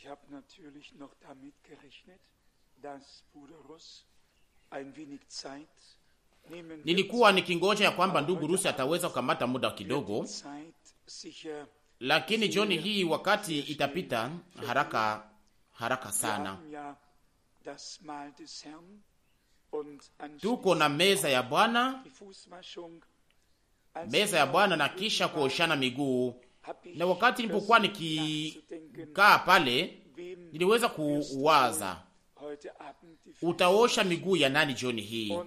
Ich habe natürlich noch damit gerechnet, dass Buderus ein wenig Zeit Nilikuwa nikingoja ya kwamba ndugu Rusi ataweza kukamata muda kidogo, lakini jioni hii wakati itapita haraka haraka sana. Tuko na meza ya Bwana, meza ya Bwana na kisha kuoshana miguu na wakati nilipokuwa nikikaa pale, niliweza kuwaza utaosha miguu ya nani jioni hii,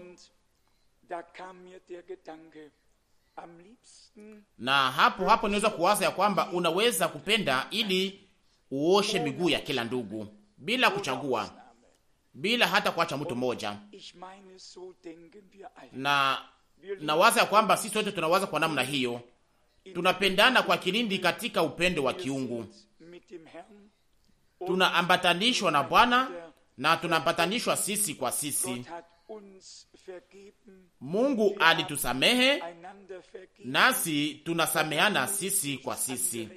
na hapo hapo niweza kuwaza ya kwamba unaweza kupenda ili uoshe miguu ya kila ndugu bila kuchagua, bila hata kuacha mtu mmoja. Na nawaza ya kwamba sisi wote tunawaza kwa namna hiyo tunapendana kwa kilindi katika upendo wa kiungu, tunaambatanishwa na Bwana na tunaambatanishwa sisi kwa sisi. Mungu alitusamehe nasi tunasamehana sisi kwa sisi.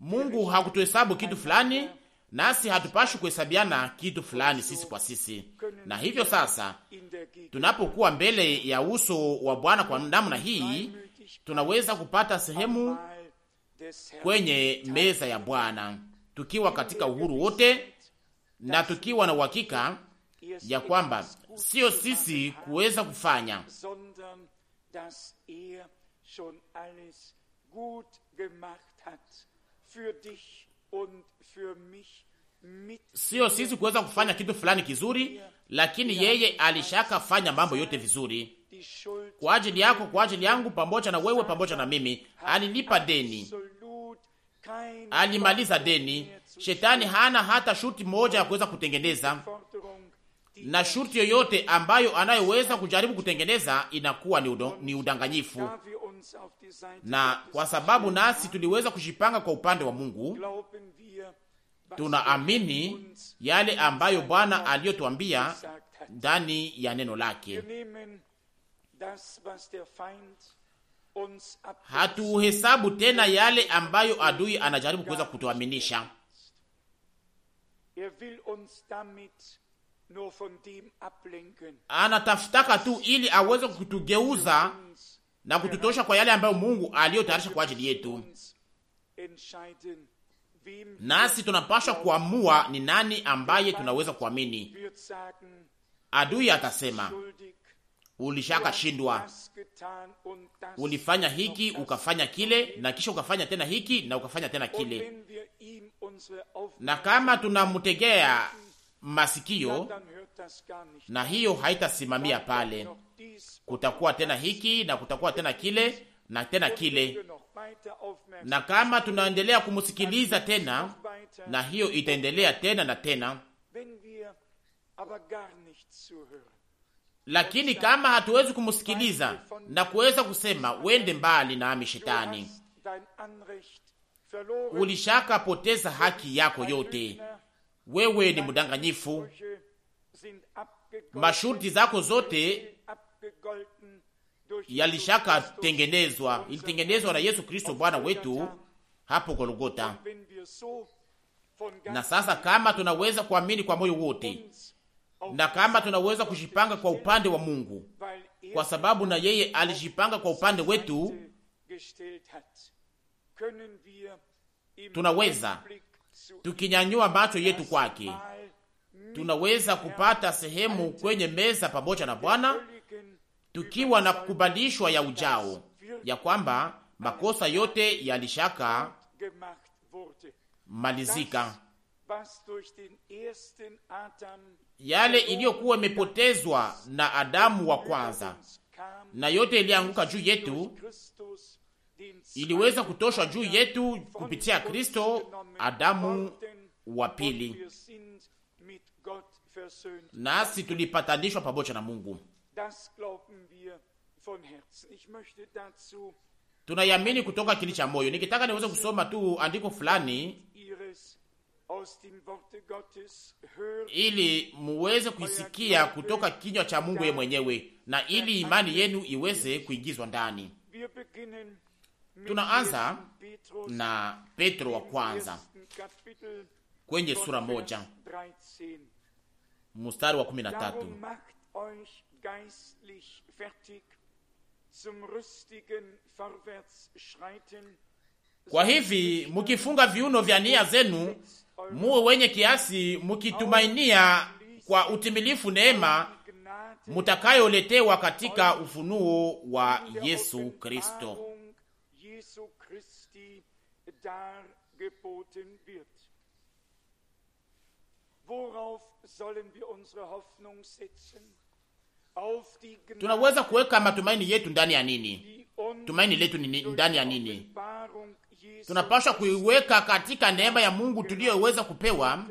Mungu hakutuhesabu kitu fulani nasi hatupashi kuhesabiana kitu fulani sisi kwa sisi. Na hivyo sasa, tunapokuwa mbele ya uso wa Bwana kwa namna hii, tunaweza kupata sehemu kwenye meza ya Bwana tukiwa katika uhuru wote na tukiwa na uhakika ya kwamba sio sisi kuweza kufanya sio sisi kuweza kufanya kitu fulani kizuri, lakini yeye alishakafanya mambo yote vizuri kwa ajili yako, kwa ajili yangu, pamoja na wewe, pamoja na mimi. Alilipa deni, alimaliza deni. Shetani hana hata shuti moja ya kuweza kutengeneza, na shuti yoyote ambayo anayoweza kujaribu kutengeneza inakuwa ni, udo, ni udanganyifu. Na kwa sababu nasi tuliweza kujipanga kwa upande wa Mungu, tunaamini yale ambayo Bwana aliyotuambia ndani ya neno lake hatuhesabu tena yale ambayo adui anajaribu kuweza kutuaminisha. Anatafutaka tu ili aweze kutugeuza na kututosha kwa yale ambayo Mungu aliyotayarisha kwa ajili yetu, nasi tunapashwa kuamua ni nani ambaye tunaweza kuamini. Adui atasema ulishakashindwa. Ulifanya hiki ukafanya kile, na kisha ukafanya tena hiki na ukafanya tena kile. Na kama tunamtegea masikio, na hiyo haitasimamia pale, kutakuwa tena hiki na kutakuwa tena kile na tena kile, na kama tunaendelea kumsikiliza tena, na hiyo itaendelea tena na tena lakini kama hatuwezi kumsikiliza na kuweza kusema wende mbali nami, Shetani, ulishaka poteza haki yako yote. Wewe ni mdanganyifu, masharti zako zote yalishaka tengenezwa, ilitengenezwa na Yesu Kristo Bwana wetu hapo Golgota. Na sasa kama tunaweza kuamini kwa moyo wote na kama tunaweza kujipanga kwa upande wa Mungu, kwa sababu na yeye alijipanga kwa upande wetu, tunaweza tukinyanyua macho yetu kwake, tunaweza kupata sehemu kwenye meza pamoja na Bwana, tukiwa na kukubalishwa ya ujao ya kwamba makosa yote yalishaka malizika yale iliyokuwa imepotezwa na Adamu wa kwanza, na yote ilianguka juu yetu, iliweza kutoshwa juu yetu kupitia Kristo, Adamu wa pili, nasi tulipatanishwa pamoja na Mungu. Tunayamini kutoka kili cha moyo. Nikitaka niweze kusoma tu andiko fulani ili muweze kuisikia kutoka kinywa cha Mungu yeye mwenyewe na ili imani yenu iweze kuingizwa ndani. Tunaanza na Petro wa kwanza kwenye sura moja mstari wa kumi na tatu kwa hivi mukifunga viuno vya nia zenu, muwe wenye kiasi, mukitumainia kwa utimilifu neema mutakayoletewa katika ufunuo wa Yesu Kristo tunaweza kuweka matumaini yetu ndani ya nini? Tumaini letu ni ndani ya nini? Tunapaswa kuiweka katika neema ya Mungu tuliyoweza kupewa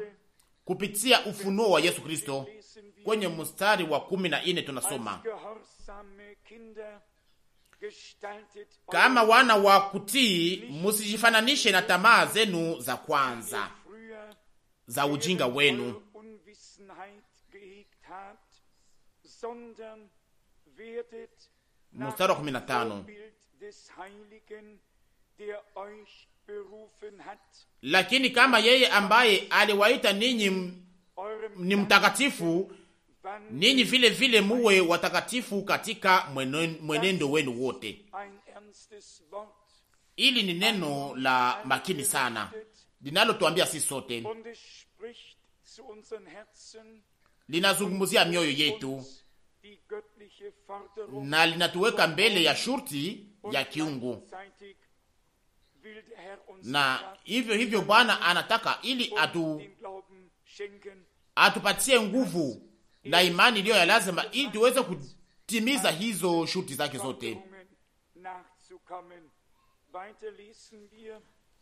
kupitia ufunuo wa Yesu Kristo. Kwenye mstari wa kumi na nne tunasoma kama wana wa kutii, musijifananishe na tamaa zenu za kwanza za ujinga wenu lakini kama yeye ambaye aliwaita ninyi ni mtakatifu, ninyi vile vile muwe watakatifu katika mwenendo wenu wote. Ili ni neno la makini sana linalotuambia sisi sote, linazungumzia mioyo yetu na linatuweka mbele ya shurti ya kiungu, na hivyo hivyo Bwana anataka ili atu atupatie nguvu na imani iliyo ya lazima ili tuweze kutimiza hizo shurti zake zote.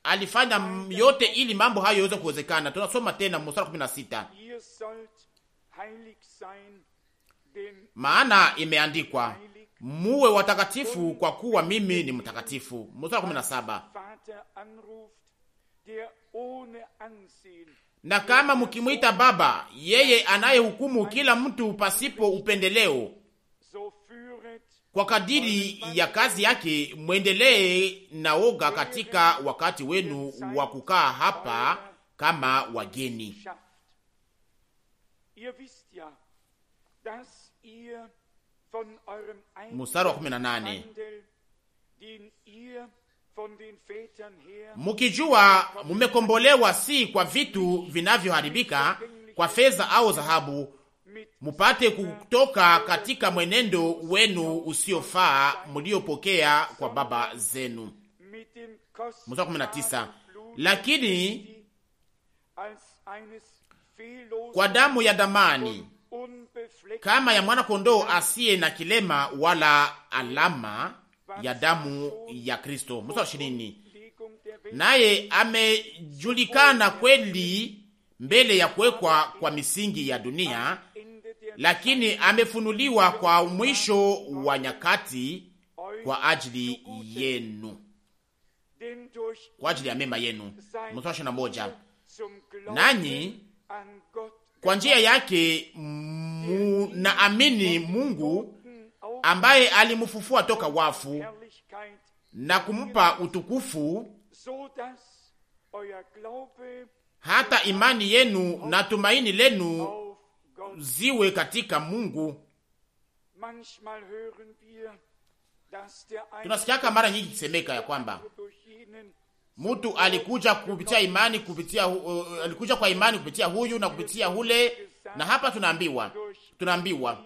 Alifanya yote ili mambo hayo yaweze kuwezekana. Tunasoma tena mstari 16 maana imeandikwa, muwe watakatifu kwa kuwa mimi ni mtakatifu. Mstari kumi na kama mkimwita Baba, yeye anayehukumu kila mtu pasipo upendeleo kwa kadiri ya kazi yake, mwendelee na woga katika wakati wenu wa kukaa hapa kama wageni mstari wa kumi na nane mukijua mumekombolewa si kwa vitu vinavyoharibika kwa fedha au dhahabu, mupate kutoka katika mwenendo wenu usiofaa mliopokea kwa baba zenu. Mstari kumi na tisa, lakini kwa damu ya damani kama ya mwana kondoo asiye na kilema wala alama ya damu ya Kristo. Mstari ishirini, naye amejulikana kweli mbele ya kuwekwa kwa misingi ya dunia, lakini amefunuliwa kwa mwisho wa nyakati kwa ajili yenu, kwa ajili ya mema yenu. Mstari ishirini na moja, nanyi kwa njia yake munaamini Mungu ambaye alimufufua toka wafu na kumpa utukufu, hata imani yenu na tumaini lenu ziwe katika Mungu. Tunasikiaka mara nyingi kisemeka ya kwamba mtu alikuja kupitia imani kupitia uh, uh, alikuja kwa imani kupitia huyu na kupitia hule, na hapa tunaambiwa tunaambiwa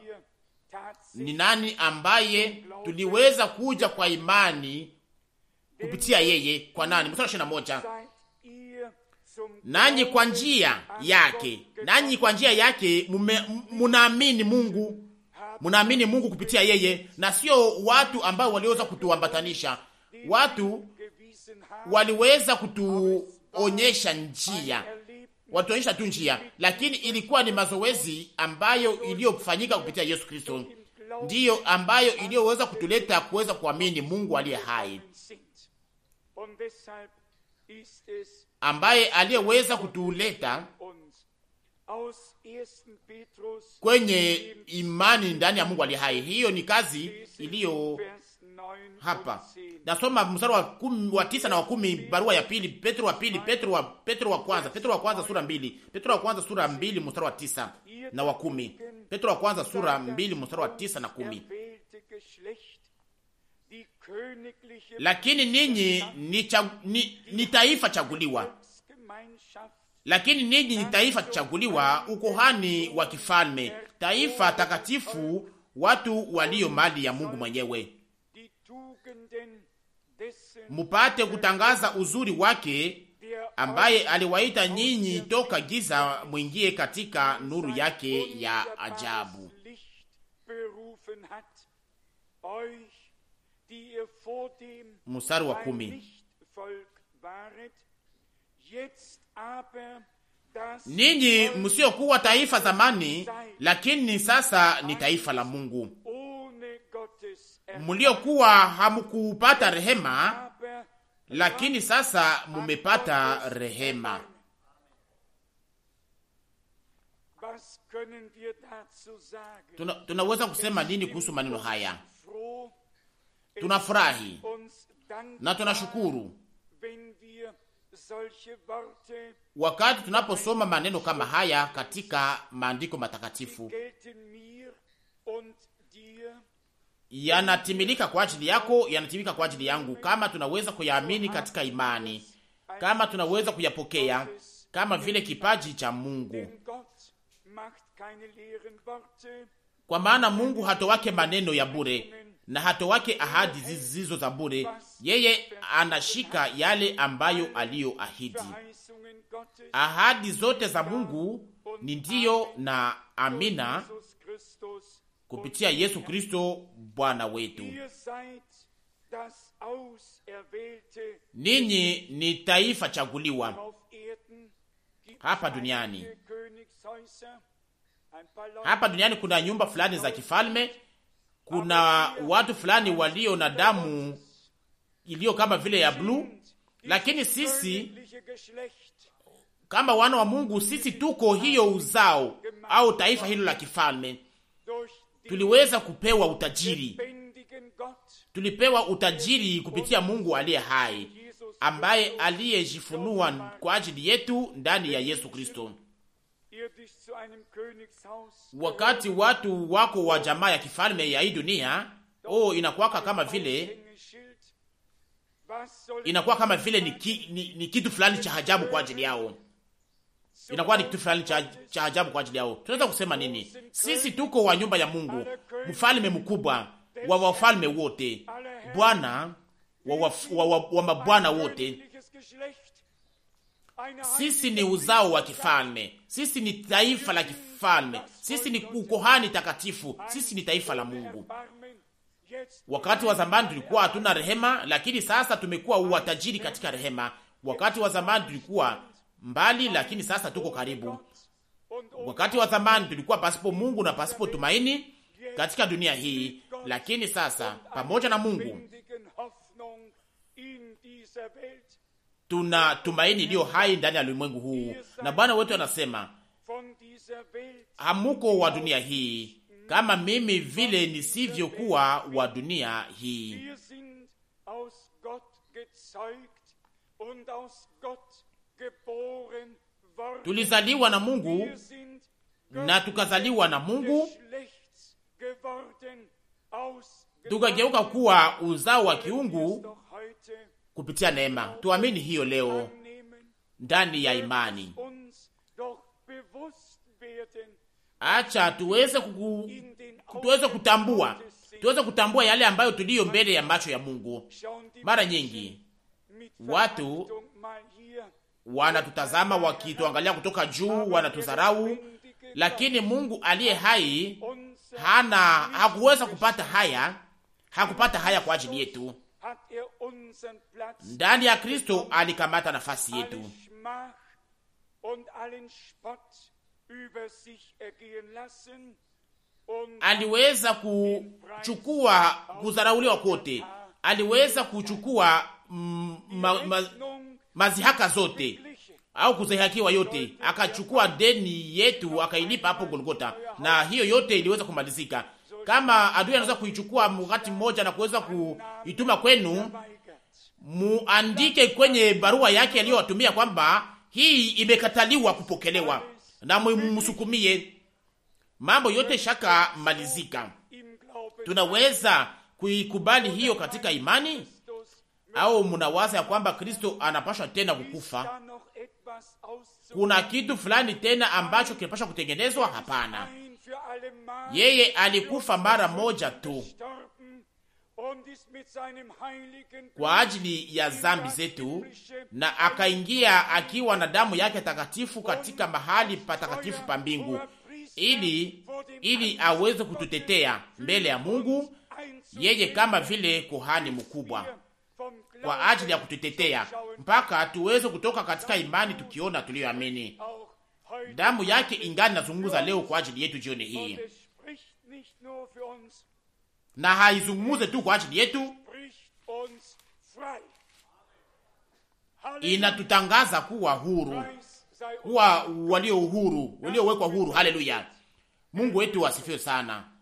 ni nani ambaye tuliweza kuja kwa imani kupitia yeye. Kwa nani? Mstari ishirini na moja, nanyi kwa njia yake, nanyi kwa njia yake munaamini Mungu, munaamini Mungu kupitia yeye, na sio watu ambao waliweza kutuambatanisha watu waliweza kutuonyesha njia, watuonyesha tu njia, lakini ilikuwa ni mazoezi ambayo iliyofanyika kupitia Yesu Kristo, ndiyo ambayo iliyoweza kutuleta kuweza kuamini Mungu aliye hai, ambaye aliyeweza kutuleta kwenye imani ndani ya Mungu aliye hai. Hiyo ni kazi iliyo hapa. Nasoma mstari wa kumi, wa tisa na wa kumi, barua ya pili Petro wa pili, Petro wa Petro wa kwanza, Petro wa kwanza sura mbili, Petro wa kwanza sura mbili mstari wa tisa na wa kumi, Petro wa kwanza sura mbili mstari wa tisa na kumi. Lakini ninyi ni, cha, ni, ni taifa chaguliwa, lakini ninyi ni taifa chaguliwa, ukohani wa kifalme, taifa takatifu, watu walio mali ya Mungu mwenyewe mupate kutangaza uzuri wake, ambaye aliwaita nyinyi toka giza mwingie katika nuru yake ya ajabu. Mstari wa kumi. Ninyi msiokuwa taifa zamani, lakini sasa ni taifa la Mungu Eh. mliokuwa hamukupata rehema, lakini sasa mumepata rehema. Tuna, tunaweza kusema nini kuhusu maneno haya? Tunafurahi na tunashukuru wakati tunaposoma maneno kama haya katika maandiko matakatifu yanatimilika kwa ajili yako, yanatimilika kwa ajili yangu, kama tunaweza kuyaamini katika imani, kama tunaweza kuyapokea kama vile kipaji cha Mungu, kwa maana Mungu hatowake maneno ya bure na hatowake ahadi zizizo za bure. Yeye anashika yale ambayo aliyoahidi. Ahadi zote za Mungu ni ndiyo na amina kupitia Yesu Kristo Bwana wetu. Ninyi ni taifa chaguliwa hapa duniani. Hapa duniani kuna nyumba fulani za kifalme, kuna watu fulani walio na damu iliyo kama vile ya bluu, lakini sisi kama wana wa Mungu, sisi tuko hiyo uzao au taifa hilo la kifalme tuliweza kupewa utajiri, tulipewa utajiri kupitia Mungu aliye hai ambaye aliyejifunua kwa ajili yetu ndani ya Yesu Kristo. Wakati watu wako wa jamaa ya kifalme ya hii dunia, oh, inakuwaka kama vile inakuwa kama vile ni, ki, ni, ni kitu fulani cha ajabu kwa ajili yao inakuwa ni kitu fulani cha, cha ajabu kwa ajili yao. Tunaweza kusema nini? Sisi tuko wa nyumba ya Mungu, mfalme mkubwa wa wafalme wote, bwana wa, wa, wa, wa, wa mabwana wote. Sisi ni uzao wa kifalme, sisi ni taifa la kifalme, sisi ni ukohani takatifu, sisi ni taifa la Mungu. Wakati wa zamani tulikuwa hatuna rehema, lakini sasa tumekuwa watajiri katika rehema. Wakati wa zamani tulikuwa mbali, lakini sasa tuko karibu. Wakati wa zamani tulikuwa pasipo Mungu na pasipo tumaini katika dunia hii, lakini sasa pamoja na Mungu tuna tumaini iliyo hai ndani ya ulimwengu huu, na Bwana wetu anasema hamuko wa dunia hii kama mimi vile nisivyokuwa wa dunia hii. Tulizaliwa na Mungu na tukazaliwa na Mungu, tukageuka kuwa uzao wa kiungu kupitia neema. Tuamini hiyo leo ndani ya imani. Acha tuweze kuku, tuweze kutambua tuweze kutambua yale ambayo tuliyo mbele ya macho ya Mungu. Mara nyingi watu wanatutazama wakituangalia kutoka juu, wanatudharau, lakini Mungu aliye hai hana hakuweza kupata haya, hakupata haya kwa ajili yetu. Ndani ya Kristo alikamata nafasi yetu aliweza kuchukua kudharauliwa kwote aliweza kuchukua ma, ma, mazihaka zote au kuzihakiwa yote, akachukua deni yetu akailipa hapo Golgota, na hiyo yote iliweza kumalizika. Kama adui anaweza kuichukua wakati mmoja na kuweza kuituma kwenu, muandike kwenye barua yake aliyowatumia kwamba hii imekataliwa kupokelewa, na mumsukumie. Mambo yote shaka malizika. Tunaweza kuikubali hiyo katika imani au munawaza ya kwamba Kristo anapashwa tena kukufa? Kuna kitu fulani tena ambacho kinapashwa kutengenezwa? Hapana, yeye alikufa mara moja tu kwa ajili ya zambi zetu, na akaingia akiwa na damu yake takatifu katika mahali patakatifu pa mbingu, ili ili aweze kututetea mbele ya Mungu, yeye kama vile kuhani mkubwa kwa ajili ya kututetea mpaka tuweze kutoka katika imani tukiona tuliyoamini. Damu yake ingani nazungumza leo kwa ajili yetu jioni hii, na haizungumuze tu kwa ajili yetu, inatutangaza kuwa huru, kuwa walio uhuru, waliowekwa huru. Haleluya! Mungu wetu wasifiwe sana.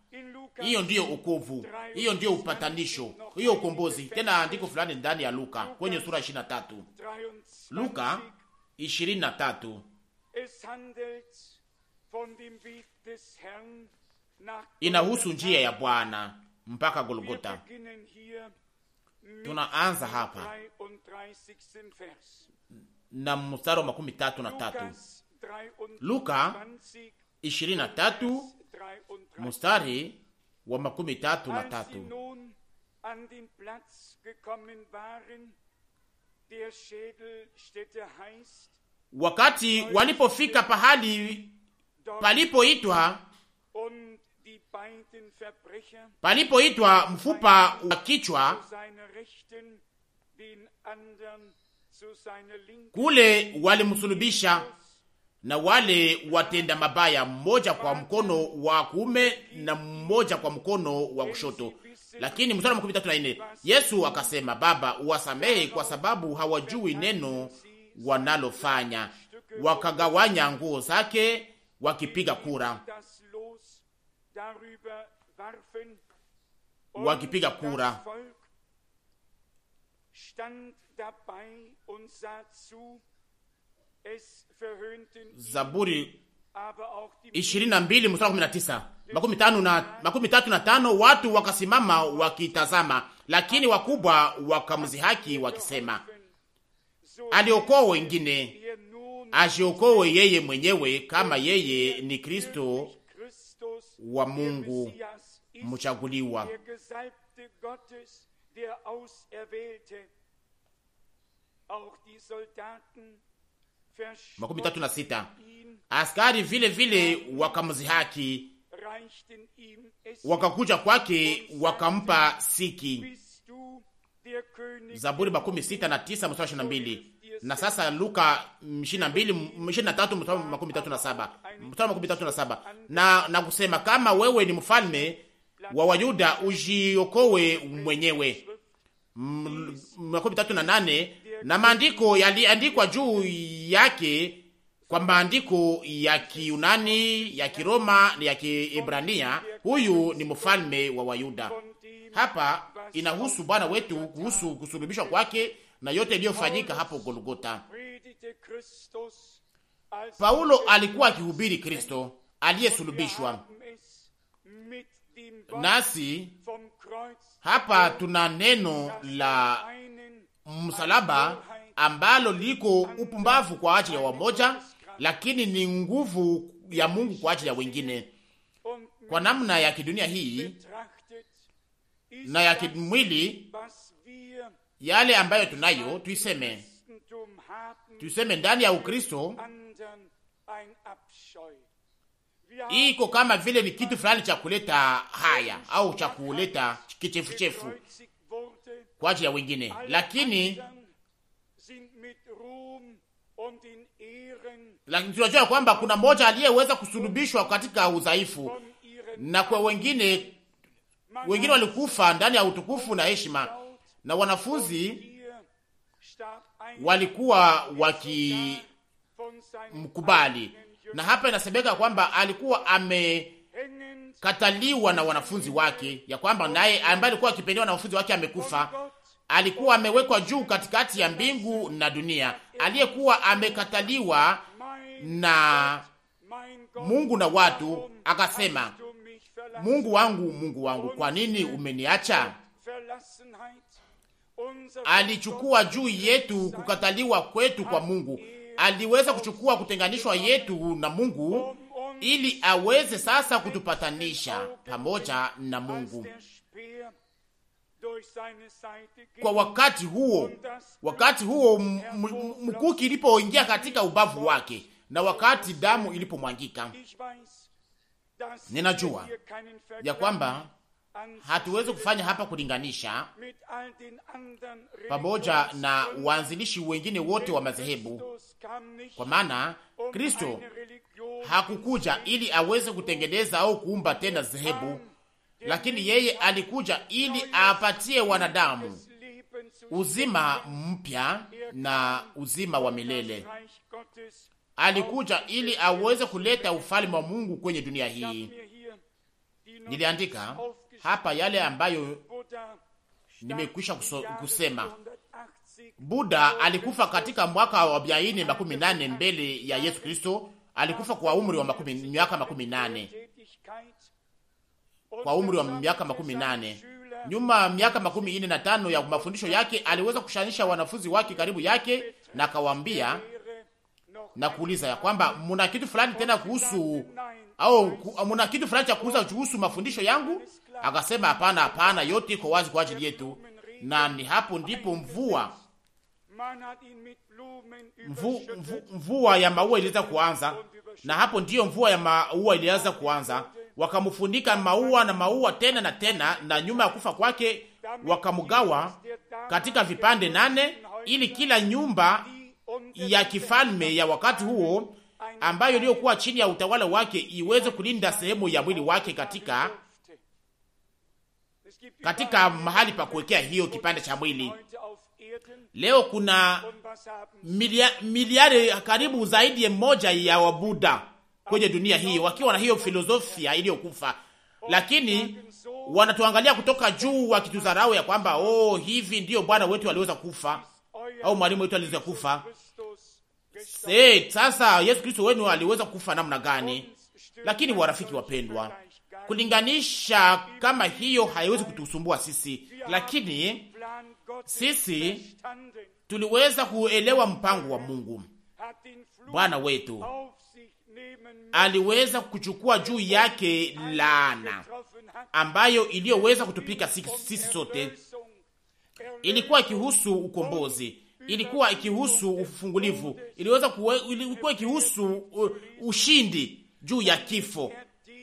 Hiyo ndiyo ukovu, hiyo ndiyo upatanisho, hiyo ukombozi. Tena andiko fulani ndani ya Luka kwenye sura 23, Luka 23 inahusu njia ya Bwana mpaka Golgota. Tunaanza hapa na mstari wa makumi tatu na tatu Luka 23 mstari wa makumi tatu na tatu. Wakati walipofika pahali palipoitwa palipoitwa mfupa wa kichwa kule walimsulubisha na wale watenda mabaya, mmoja kwa mkono wa kuume na mmoja kwa mkono wa kushoto. Lakini mstari wa makumi tatu na nne Yesu akasema, Baba, uwasamehe kwa sababu hawajui neno wanalofanya. Wakagawanya nguo zake wakipiga kura, wakipiga kura Zaburi ishirini na mbili mstari kumi na tisa makumi tatu na tano watu wakasimama wakitazama, lakini wakubwa wakamzihaki wakisema, aliokoa wengine, ajiokoe yeye mwenyewe, kama yeye ni Kristo wa Mungu mchaguliwa makumi tatu na sita. Askari vile vile wakamzihaki, wakakuja kwake, wakampa siki. Zaburi makumi sita na tisa mstari ishirini na mbili na sasa Luka ishirini na mbili ishirini na tatu mstari makumi tatu na saba mstari makumi tatu na saba na na kusema kama wewe ni mfalme wa Wayuda ujiokowe mwenyewe. makumi tatu na nane na maandiko yaliandikwa juu yake kwa maandiko ya Kiunani, ya Kiroma na ya Kiebrania. Huyu ni mfalme wa Wayuda. Hapa inahusu Bwana wetu kuhusu kusulubishwa kwake na yote iliyofanyika hapo Golgota. Paulo alikuwa akihubiri Kristo aliyesulubishwa, nasi hapa tuna neno la msalaba ambalo liko upumbavu kwa ajili ya wamoja, lakini ni nguvu ya Mungu kwa ajili ya wengine. Kwa namna ya kidunia hii na ya kimwili, yale ambayo tunayo tuiseme, tuiseme ndani ya Ukristo iko kama vile ni kitu fulani cha kuleta haya au cha kuleta kichefuchefu, kwa ajili ya wengine, lakini lakini tunajua kwamba kuna mmoja aliyeweza kusulubishwa katika udhaifu, na kwa wengine wengine walikufa ndani ya utukufu na heshima, na wanafunzi walikuwa wakimkubali. Na hapa inasemeka kwamba alikuwa amekataliwa na wanafunzi wake, ya kwamba naye ambaye alikuwa akipendewa na wanafunzi wake amekufa alikuwa amewekwa juu katikati ya mbingu na dunia, aliyekuwa amekataliwa na Mungu na watu, akasema, Mungu wangu, Mungu wangu, kwa nini umeniacha? Alichukua juu yetu kukataliwa kwetu kwa Mungu, aliweza kuchukua kutenganishwa yetu na Mungu ili aweze sasa kutupatanisha pamoja na Mungu kwa wakati huo, wakati huo mkuki ilipoingia katika ubavu wake na wakati damu ilipomwangika. Ninajua ya kwamba hatuwezi kufanya hapa kulinganisha pamoja na waanzilishi wengine wote wa madhehebu, kwa maana Kristo hakukuja ili aweze kutengeneza au kuumba tena dhehebu, lakini yeye alikuja ili apatie wanadamu uzima mpya na uzima wa milele. Alikuja ili aweze kuleta ufalme wa Mungu kwenye dunia hii. Niliandika hapa yale ambayo nimekwisha kusema. Buda alikufa katika mwaka wa mia nne makumi nane mbele ya Yesu Kristo. Alikufa kwa umri wa miaka makumi nane kwa umri wa miaka makumi nane. Nyuma ya miaka makumi ine na tano ya mafundisho yake aliweza kushanisha wanafunzi wake karibu yake, na kawambia na kuuliza ya kwamba muna kitu fulani tena kuhusu au muna kitu fulani cha kuuza kuhusu mafundisho yangu? Akasema hapana, hapana, yote iko wazi kwa ajili yetu. Na ni hapo ndipo mvua mvu, mvu, mvua ya maua iliweza kuanza, na hapo ndiyo mvua ya maua ilianza kuanza wakamfunika maua na maua tena na tena, na nyuma ya kufa kwake wakamgawa katika vipande nane, ili kila nyumba ya kifalme ya wakati huo ambayo iliyokuwa chini ya utawala wake iweze kulinda sehemu ya mwili wake katika katika mahali pa kuwekea hiyo kipande cha mwili. Leo kuna miliari karibu zaidi ya moja ya wabuda kwenye dunia hii, wakiwa na hiyo filosofia iliyokufa, lakini wanatuangalia kutoka juu, wakitudharau ya kwamba oh, hivi ndiyo bwana wetu aliweza kufa au mwalimu wetu aliweza kufa. Se, sasa Yesu Kristo wenu aliweza kufa namna gani? Lakini warafiki wapendwa, kulinganisha kama hiyo haiwezi kutusumbua sisi, lakini sisi tuliweza kuelewa mpango wa Mungu. Bwana wetu aliweza kuchukua juu yake laana ambayo iliyoweza kutupika sisi sote. Ilikuwa ikihusu ukombozi, ilikuwa ikihusu ufungulivu, iliweza kuwe, ilikuwa ikihusu uh, ushindi juu ya kifo,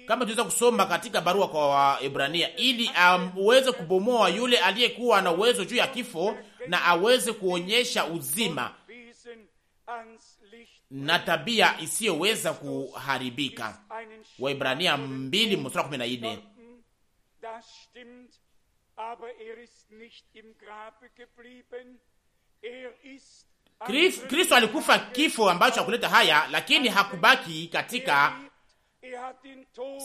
kama tuweza kusoma katika barua kwa Waebrania, ili aweze kubomoa yule aliyekuwa na uwezo juu ya kifo na aweze kuonyesha uzima na tabia isiyoweza kuharibika. Waibrania mbili mstari kumi na er er Kristo alikufa kifo ambacho hakuleta haya, lakini hakubaki katika er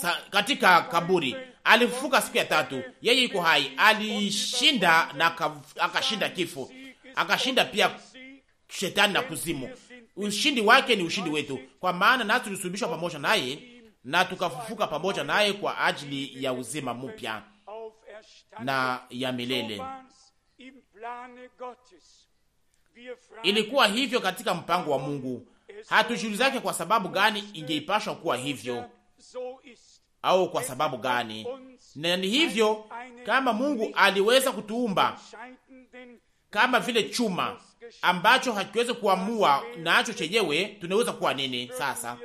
Sa, katika kaburi alifufuka siku ya tatu. Yeye iko hai, alishinda na akashinda kifo, akashinda pia shetani na kuzimu ushindi wake ni ushindi wetu, kwa maana nasi tulisulubishwa pamoja naye na tukafufuka pamoja naye kwa ajili ya uzima mpya na ya milele. Ilikuwa hivyo katika mpango wa Mungu. Hatujulizake kwa sababu gani ingeipashwa kuwa hivyo au kwa sababu gani, na ni hivyo kama Mungu aliweza kutuumba kama vile chuma ambacho hakiwezi kuamua nacho chenyewe, tunaweza kuwa nini sasa?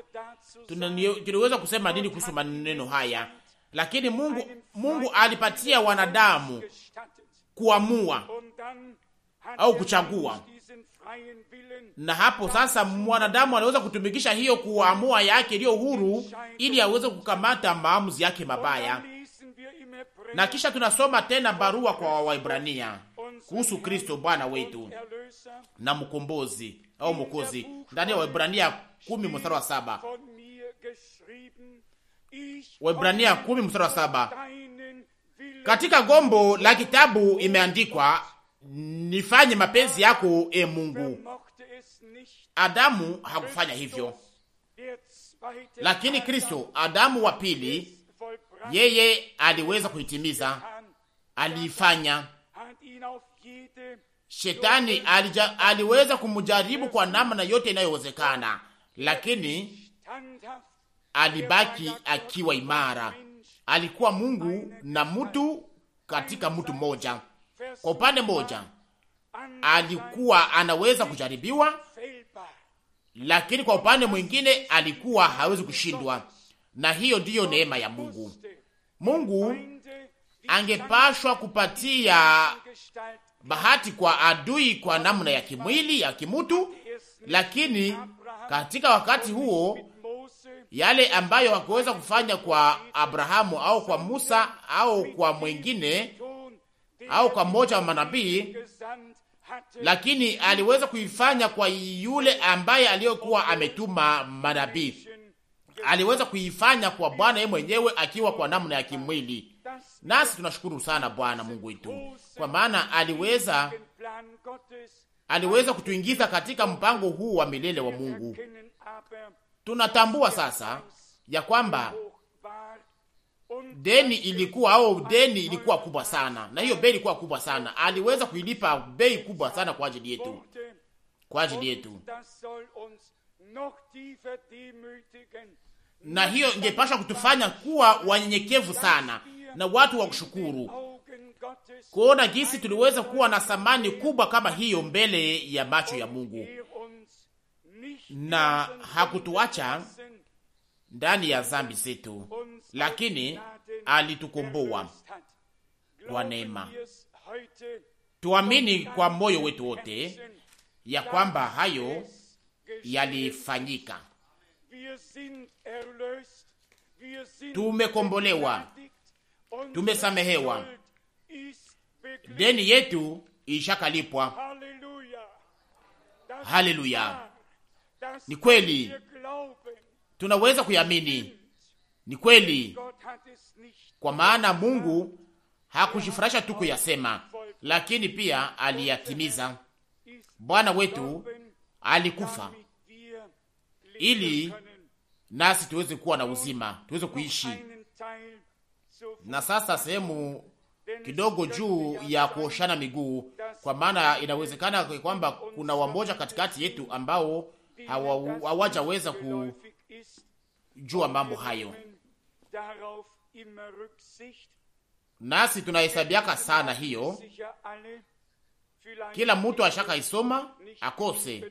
Tunaweza kusema nini kuhusu maneno haya? Lakini Mungu, Mungu alipatia wanadamu kuamua au kuchagua, na hapo sasa mwanadamu anaweza kutumikisha hiyo kuamua yake iliyo huru, ili aweze kukamata maamuzi yake mabaya na kisha tunasoma tena barua kwa Waibrania kuhusu Kristo Bwana wetu na mkombozi au mwokozi ndani ya Waibrania kumi mstari wa saba. Waibrania kumi mstari wa saba. Katika gombo la kitabu imeandikwa, nifanye mapenzi yako e Mungu. Adamu hakufanya hivyo, lakini Kristo, Adamu wa pili yeye aliweza kuitimiza, aliifanya. Shetani alija, aliweza kumjaribu kwa namna yote inayowezekana, lakini alibaki akiwa imara. Alikuwa Mungu na mtu katika mtu mmoja. Kwa upande mmoja alikuwa anaweza kujaribiwa, lakini kwa upande mwingine alikuwa hawezi kushindwa na hiyo ndiyo neema ya Mungu. Mungu angepashwa kupatia bahati kwa adui kwa namna ya kimwili ya kimutu, lakini katika wakati huo yale ambayo hakuweza kufanya kwa Abrahamu au kwa Musa au kwa mwengine au kwa mmoja wa manabii, lakini aliweza kuifanya kwa yule ambaye aliyokuwa ametuma manabii aliweza kuifanya kwa Bwana yeye mwenyewe akiwa kwa namna ya kimwili. Nasi tunashukuru sana Bwana Mungu wetu, kwa maana aliweza aliweza kutuingiza katika mpango huu wa milele wa Mungu. Tunatambua sasa ya kwamba deni ilikuwa au deni ilikuwa kubwa sana, na hiyo bei ilikuwa kubwa sana. Aliweza kuilipa bei kubwa sana kwa ajili yetu, kwa ajili yetu na hiyo ingepasha kutufanya kuwa wanyenyekevu sana na watu wa kushukuru, kuona jinsi tuliweza kuwa na thamani kubwa kama hiyo mbele ya macho ya Mungu, na hakutuacha ndani ya dhambi zetu, lakini alitukomboa kwa neema. Tuamini kwa moyo wetu wote ya kwamba hayo yalifanyika Tumekombolewa, tumesamehewa, deni yetu ishakalipwa. Haleluya! Ni kweli, tunaweza kuyamini. Ni kweli, kwa maana Mungu hakujifurahisha tu kuyasema, lakini pia aliyatimiza. Bwana wetu alikufa ili nasi tuweze kuwa na uzima, tuweze kuishi. Na sasa sehemu kidogo juu ya kuoshana miguu, kwa maana inawezekana kwamba kuna wamoja katikati yetu ambao hawajaweza kujua mambo hayo, nasi tunahesabiaka sana hiyo. Kila mtu ashaka isoma akose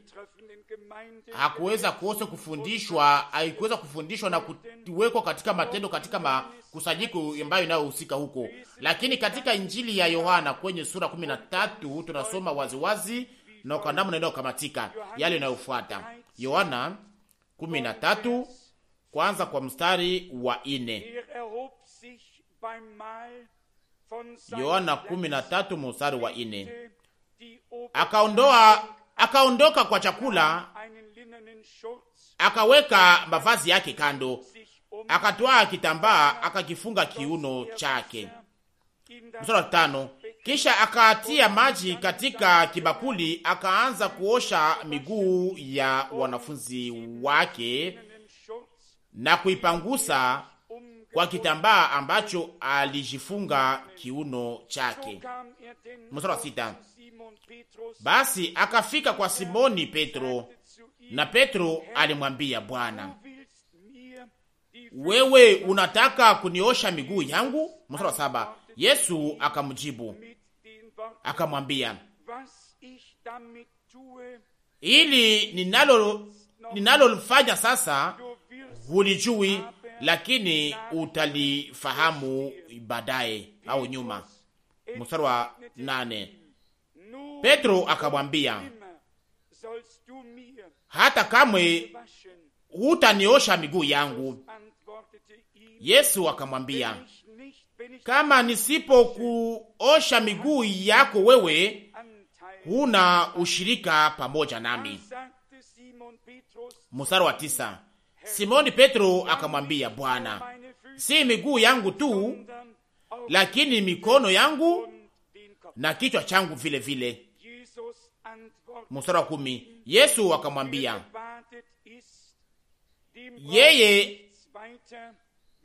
hakuweza kuose kufundishwa, haikuweza kufundishwa na kuwekwa katika matendo katika makusanyiko ambayo inayohusika huko, lakini katika Injili ya Yohana kwenye sura 13 tunasoma waziwazi na kwa namna inayokamatika yale inayofuata. Yohana 13 kwanza kwa mstari wa ine. Yohana 13 mstari wa ine, akaondoa akaondoka kwa chakula, akaweka mavazi yake kando, akatwaa kitambaa akakifunga kiuno chake. Mstari wa tano, kisha akatia maji katika kibakuli, akaanza kuosha miguu ya wanafunzi wake na kuipangusa kwa kitambaa ambacho alijifunga kiuno chake. Mstari wa sita. Basi akafika kwa Simoni Petro, na Petro alimwambia Bwana, wewe unataka kuniosha miguu yangu? Mstari wa saba. Yesu akamjibu akamwambia, ili ninalo sasa hulijui, lakini utalifahamu baadaye au nyuma. Mstari wa nane. Petro akamwambia, hata kamwe hutaniosha miguu yangu. Yesu akamwambia, kama nisipokuosha miguu yako wewe, huna ushirika pamoja nami. Mstari wa tisa. Simoni Petro akamwambia, Bwana, si miguu yangu tu, lakini mikono yangu na kichwa changu vile vile mstari wa kumi. Yesu akamwambia yeye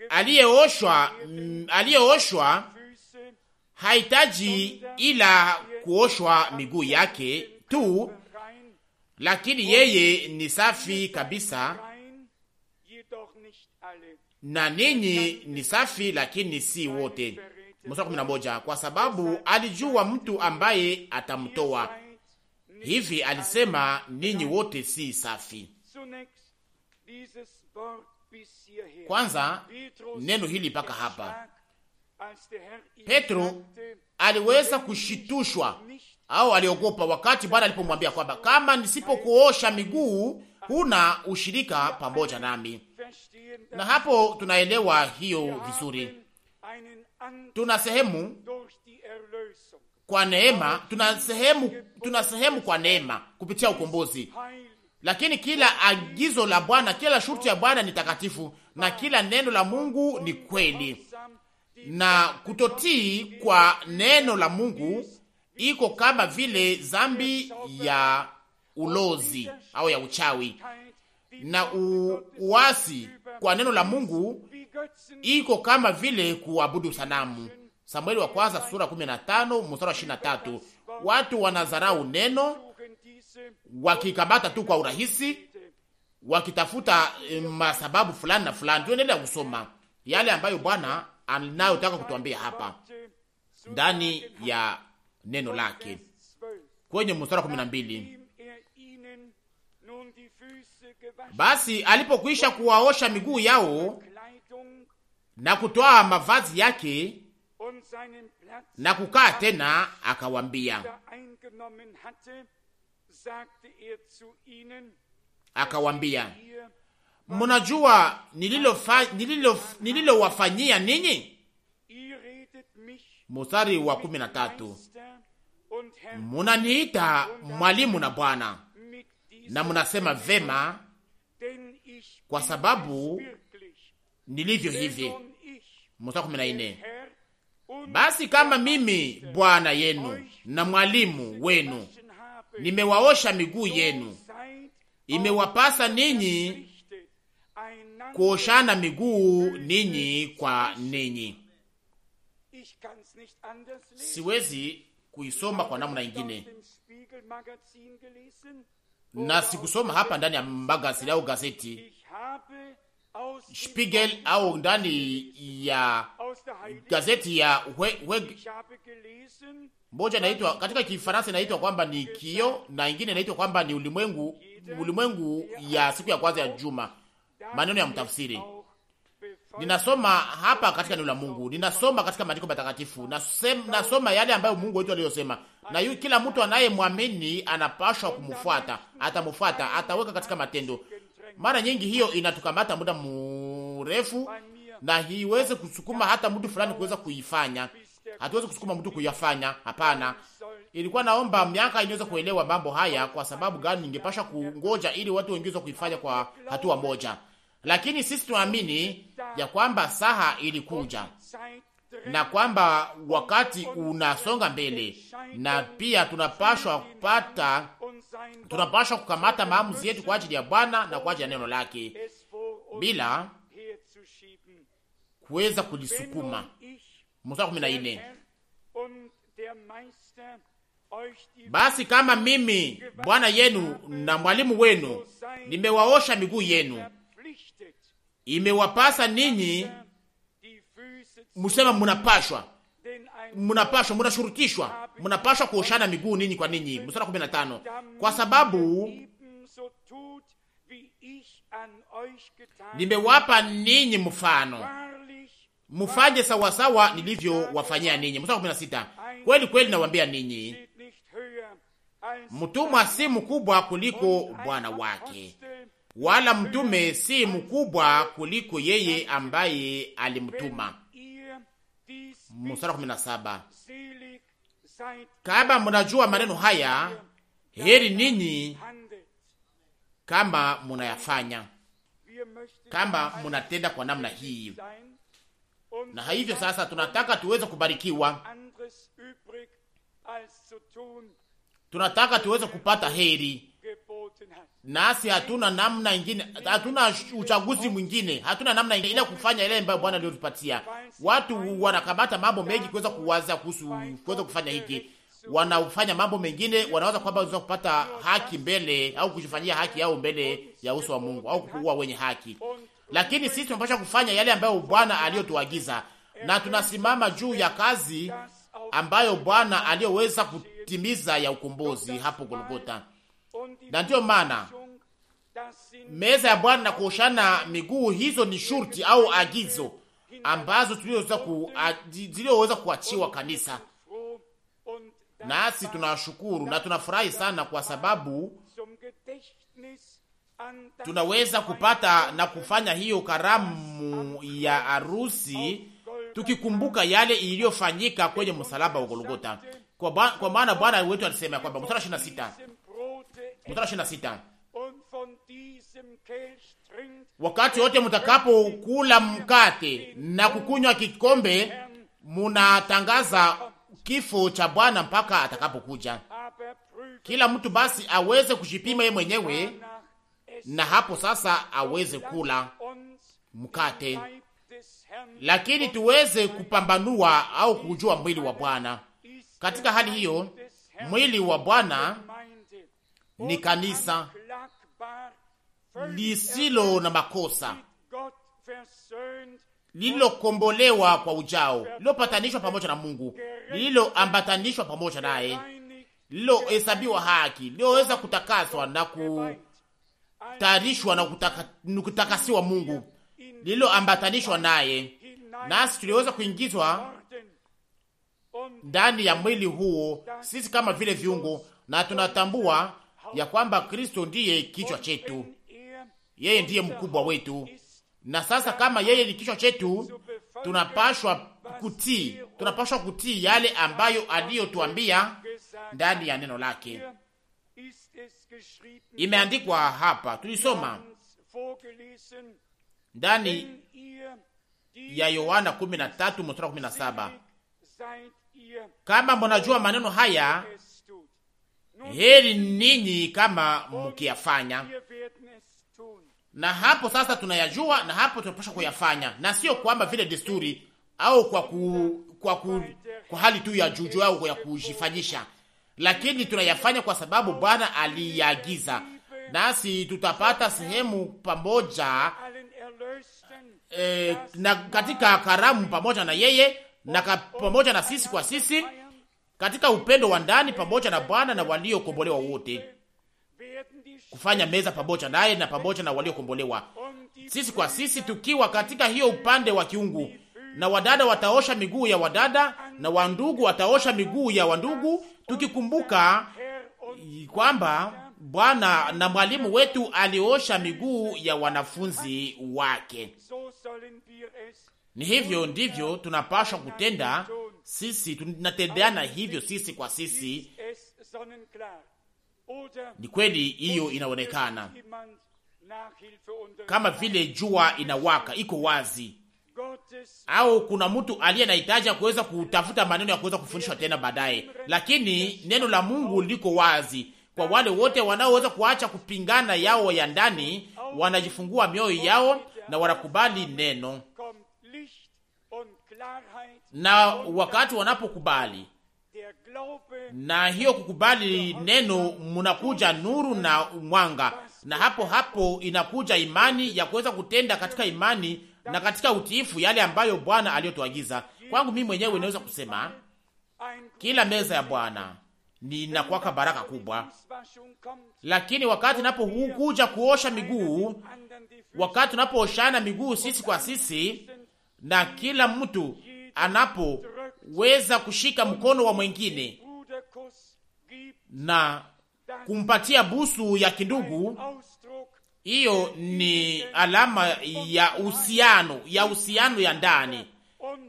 aliyeoshwa mm, aliyeoshwa hahitaji ila kuoshwa miguu yake tu, lakini yeye ni safi kabisa, na ninyi ni safi, lakini si wote. Mstari kumi na moja, kwa sababu alijua mtu ambaye atamtoa hivi alisema, ninyi wote si safi. Kwanza neno hili mpaka hapa. Petro aliweza kushitushwa au aliogopa wakati Bwana alipomwambia kwamba kama nisipokuosha miguu huna ushirika pamoja nami. Na hapo tunaelewa hiyo vizuri. Tuna sehemu kwa neema, tuna sehemu, tuna sehemu kwa neema kupitia ukombozi. Lakini kila agizo la Bwana, kila shurti ya Bwana ni takatifu, na kila neno la Mungu ni kweli, na kutotii kwa neno la Mungu iko kama vile zambi ya ulozi au ya uchawi, na uasi kwa neno la Mungu iko kama vile kuabudu sanamu. Samueli wa kwanza sura 15 mstari wa 23. Watu wanadharau neno wakikamata tu kwa urahisi, wakitafuta eh, masababu fulani na fulani. Tuendelea kusoma yale ambayo Bwana anayotaka kutuambia hapa ndani ya neno lake kwenye mstari wa 12. Basi alipokwisha kuwaosha miguu yao na kutoa mavazi yake na kukaa tena, akawambia er akawambia, mnajua nililowafanyia ninyi? Mstari wa kumi na tatu, munaniita mwalimu na Bwana, na munasema vema, kwa sababu nilivyo hivi. Mstari wa kumi na nne basi kama mimi bwana yenu na mwalimu wenu nimewaosha miguu yenu, imewapasa ninyi kuoshana miguu ninyi kwa ninyi. Siwezi kuisoma kwa namna ingine, na sikusoma hapa ndani ya magazeti au gazeti Spiegel au ndani ya gazeti ya Weg moja naitwa katika Kifaransa inaitwa kwamba ni kio na ingine inaitwa kwamba ni ulimwengu, ulimwengu ya siku ya kwanza ya juma. Maneno ya mtafsiri ninasoma hapa katika neno la Mungu, ninasoma katika maandiko matakatifu, nasoma yale ambayo Mungu wetu aliyosema, na yu, kila mtu anayemwamini anapashwa kumfuata, atamfuata, ataweka katika matendo mara nyingi hiyo inatukamata muda mrefu na hiweze kusukuma hata mtu fulani kuweza kuifanya. Hatuwezi kusukuma mtu kuyafanya, hapana. Ilikuwa naomba miaka inaweza kuelewa mambo haya, kwa sababu gani ningepasha kungoja ili watu wengine kuifanya kwa hatua moja, lakini sisi tunaamini ya kwamba saha ilikuja na kwamba wakati unasonga mbele, na pia tunapashwa kupata tunapashwa kukamata maamuzi yetu kwa ajili ya Bwana na kwa ajili ya neno lake bila kuweza kulisukuma. Mstari kumi na nne. Basi kama mimi Bwana yenu na mwalimu wenu nimewaosha miguu yenu, imewapasa ninyi musema, munapashwa, munapashwa, munashurutishwa mnapashwa kuoshana miguu ninyi kwa ninyi. Mstari tano kwa sababu nimewapa ninyi mfano mufanye sawasawa nilivyowafanyia ninyi. Mstari sita kweli kweli nawambia ninyi, mtumwa si mkubwa kuliko bwana wake, wala mtume si mkubwa kuliko yeye ambaye alimtuma. Mstari saba kama mnajua maneno haya, heri ninyi kama munayafanya, kama munatenda kwa namna hii. Na hivyo sasa, tunataka tuweze kubarikiwa, tunataka tuweze kupata heri nasi hatuna namna ingine, hatuna uchaguzi mwingine, hatuna namna ingine ila kufanya ile ambayo Bwana aliyotupatia. Watu wanakamata mambo mengi kuweza kuwaza kuhusu kuweza kufanya hiki, wanafanya mambo mengine, wanawaza kwamba wanaweza kupata haki mbele au kujifanyia haki yao mbele ya uso wa Mungu au kuwa wenye haki, lakini sisi tunapaswa kufanya yale ambayo Bwana aliyotuagiza, na tunasimama juu ya kazi ambayo Bwana aliyoweza kutimiza ya ukombozi hapo Golgotha na ndiyo maana meza ya Bwana na kuoshana miguu hizo ni shurti au agizo ambazo zilizoweza kuachiwa kanisa, nasi tunashukuru na tunafurahi sana kwa sababu tunaweza kupata na kufanya hiyo karamu ya arusi tukikumbuka yale iliyofanyika kwenye msalaba wa Golgota, kwa maana Bwana wetu alisema kwamba mstari mstari ishirini na sita wakati wote mutakapokula mkate na kukunywa kikombe, munatangaza kifo cha Bwana mpaka atakapokuja. Kila mtu basi aweze kujipima yeye mwenyewe, na hapo sasa aweze kula mkate, lakini tuweze kupambanua au kujua mwili wa Bwana. Katika hali hiyo mwili wa Bwana ni kanisa lisilo na makosa lililokombolewa kwa ujao, lililopatanishwa pamoja na Mungu, lililoambatanishwa pamoja naye, lililohesabiwa haki, lililoweza kutakaswa na kutayarishwa na kutaka, kutakasiwa Mungu, lililoambatanishwa naye, nasi tuliweza kuingizwa ndani ya mwili huo, sisi kama vile viungo, na tunatambua ya kwamba Kristo ndiye kichwa chetu, yeye ndiye mkubwa wetu. Na sasa kama yeye ni kichwa chetu, tunapashwa kutii, tunapashwa kutii yale ambayo aliyotuambia ndani ya neno lake. Imeandikwa hapa, tulisoma ndani ya Yohana 13 mstari 17, kama mnajua maneno haya Heri ninyi kama mkiyafanya. Na hapo sasa tunayajua, na hapo tunapaswa kuyafanya, na sio kwamba vile desturi au kwa ku, kwa, ku, kwa hali tu ya juju au kwa ya kujifanyisha, lakini tunayafanya kwa sababu Bwana aliagiza, nasi tutapata sehemu pamoja e, na katika karamu pamoja na yeye na pamoja na sisi kwa sisi katika upendo wa ndani pamoja na Bwana na waliokombolewa wote, kufanya meza pamoja naye na pamoja na waliokombolewa, sisi kwa sisi, tukiwa katika hiyo upande wa kiungu. Na wadada wataosha miguu ya wadada na wandugu wataosha miguu ya wandugu, tukikumbuka kwamba Bwana na mwalimu wetu aliosha miguu ya wanafunzi wake. Ni hivyo ndivyo tunapaswa kutenda sisi tunatendeana hivyo sisi kwa sisi, ni kweli hiyo inaonekana kama vile jua inawaka, iko wazi. Au kuna mtu aliye na hitaji ya kuweza kutafuta maneno ya kuweza kufundishwa tena baadaye, lakini neno la Mungu liko wazi kwa wale wote wanaoweza kuacha kupingana yao ya ndani, wanajifungua mioyo yao na wanakubali neno na wakati wanapokubali, na hiyo kukubali neno, munakuja nuru na mwanga, na hapo hapo inakuja imani ya kuweza kutenda katika imani na katika utiifu yale ambayo Bwana aliyotuagiza. Kwangu mimi mwenyewe inaweza kusema kila meza ya Bwana ni nakwaka baraka kubwa, lakini wakati napokuja kuosha miguu, wakati unapooshana miguu sisi kwa sisi na kila mtu anapoweza kushika mkono wa mwingine na kumpatia busu ya kindugu, hiyo ni alama ya uhusiano ya uhusiano ya ndani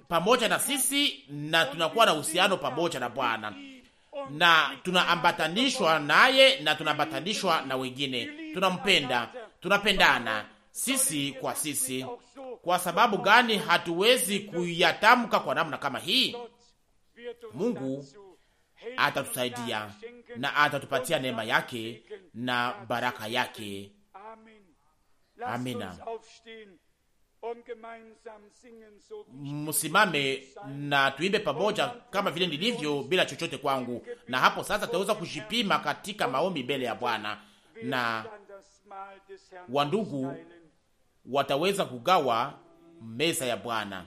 pamoja na sisi, na tunakuwa na uhusiano pamoja na Bwana na tunaambatanishwa naye na tunaambatanishwa na wengine, tunampenda, tunapendana sisi kwa sisi. Kwa sababu gani hatuwezi kuyatamka kwa namna kama hii? Mungu atatusaidia na atatupatia neema yake na baraka yake. Amina. Msimame na tuimbe pamoja kama vile nilivyo, bila chochote kwangu, na hapo sasa tutaweza kujipima katika maombi mbele ya Bwana na wandugu wataweza kugawa meza ya Bwana.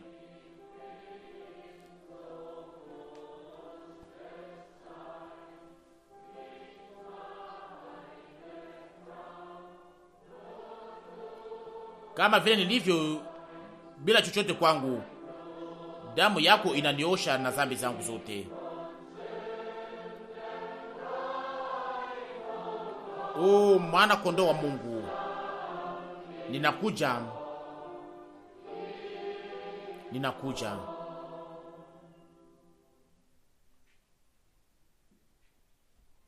Kama vile nilivyo bila chochote kwangu, damu yako inaniosha na dhambi zangu zote. O mwana kondoo wa Mungu, ninakuja, ninakuja.